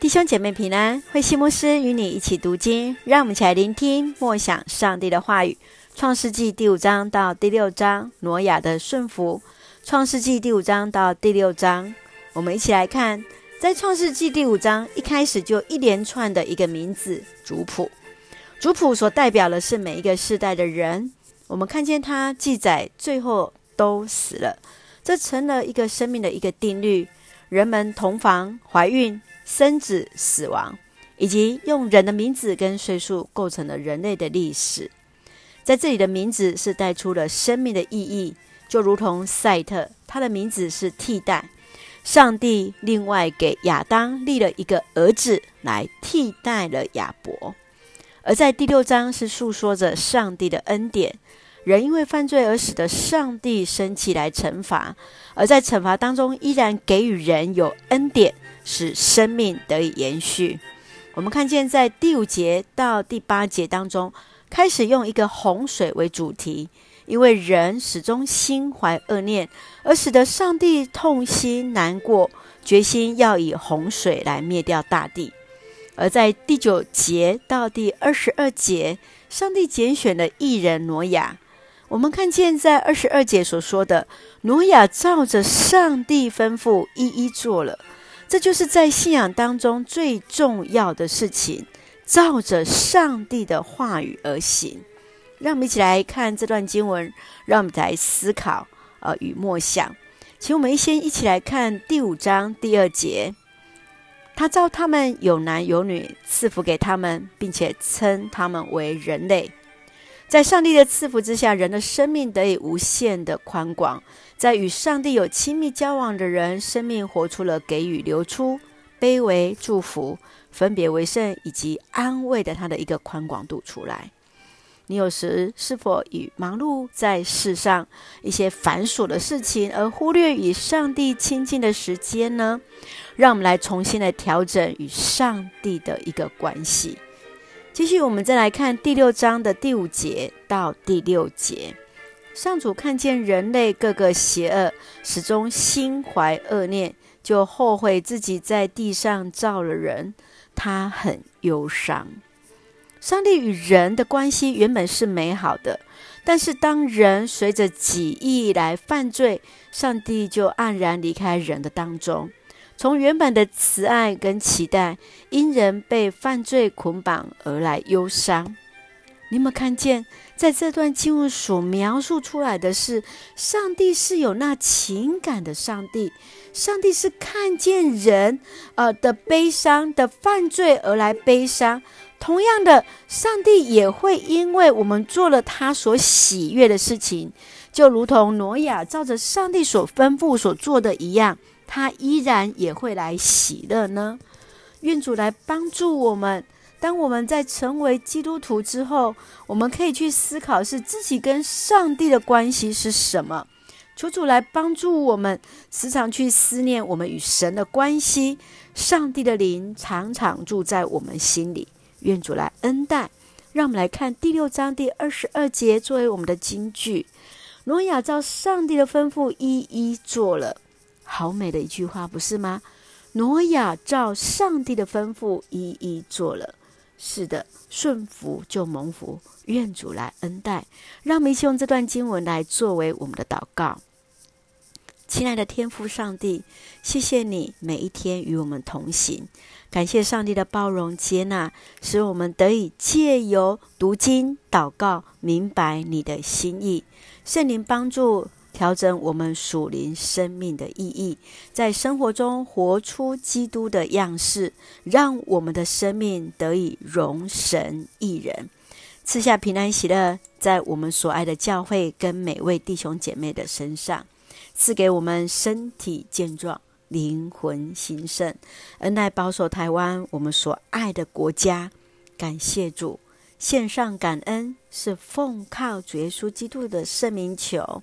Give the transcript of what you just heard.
弟兄姐妹平安，慧馨牧師與你一起讀經，讓我們一起來聆聽默想上帝的話語。創世記第五章到第六章，挪亞的順服。創世記第五章到第六章，我們一起來看，在創世記第五章一開始就一連串的一個名字族譜，族譜所代表的是每一個世代的人。我們看見他記載，最後都死了，這成了一個生命的一個定律。人們同房、懷孕、生子、死亡，以及用人的名字跟歲數構成了人類的歷史。在這裡的名字是帶出了生命的意義，就如同塞特，他的名字是替代，上帝另外給亞當立了一個兒子來替代了亞伯。而在第六章是述說着上帝的恩典。人因為犯罪而使得上帝生氣來懲罰，而在懲罰當中依然給予人有恩典，使生命得以延續。我們看見在第五節到第八節當中，開始用一個洪水為主題，因為人始終心懷惡念，而使得上帝痛心難過，決心要以洪水來滅掉大地。而在第九節到第二十二節，上帝揀選了義人挪亞。我們看見在二十二節所說的，挪亞照着上帝吩咐，一一做了。這就是在信仰當中最重要的事情，照着上帝的話語而行。讓我們一起來看這段經文，讓我們來思考呃與默想。請我們先一起來看第五章第二節，他造他們有男有女，賜福給他們，並且稱他們為人類。在上帝的賜福之下，人的生命得以無限的寬廣。在與上帝有親密交往的人，生命活出了給予、流出、卑微、祝福、分別為聖以及安慰的他的一個寬廣度出來。你有時是否與忙碌在世上一些繁瑣的事情，而忽略與上帝親近的時間呢？讓我們來重新的調整與上帝的一個關係。繼續，我們再來看第六章的第五節到第六節。上主看見人類個個邪惡，始終心懷惡念，就後悔自己在地上造了人，他很憂傷。上帝與人的關係原本是美好的，但是當人隨着己意來犯罪，上帝就黯然離開人的當中。從原本的慈愛跟期待，因人被犯罪捆綁而來憂傷，你有沒有看見？在這段經文所描述出來的是，上帝是有那情感的上帝，上帝是看見人呃的悲傷的犯罪而來悲傷。同樣的，上帝也會因為我們做了他所喜悅的事情，就如同挪亞照着上帝所吩咐所做的一樣。他依然也會來喜樂呢。願主來幫助我們。當我們在成為基督徒之後，我們可以去思考是自己跟上帝的關係是什麼。求主來幫助我們，時常去思念我們與神的關係。上帝的靈常常住在我們心裡。願主來恩待，讓我們來看第六章第二十二節作為我們的金句。挪亞照上帝的吩咐，一一做了。好美的一句話，不是嗎？挪亞照上帝的吩咐，一一做了。是的，順服就蒙福，願主來恩待。讓我們一起用這段經文來作為我們的禱告。親愛的天父上帝，謝謝你每一天與我們同行，感謝上帝的包容接納，使我們得以借由讀經禱告，明白你的心意。聖靈幫助。調整我們屬靈生命的意義，在生活中活出基督的樣式，讓我們的生命得以榮神益人，賜下平安喜樂，在我們所愛的教會跟每位弟兄姐妹的身上，賜給我們身體健壯、靈魂興盛，恩待保守台灣我們所愛的國家。感謝主，獻上感恩，是奉靠主耶穌基督的聖名求。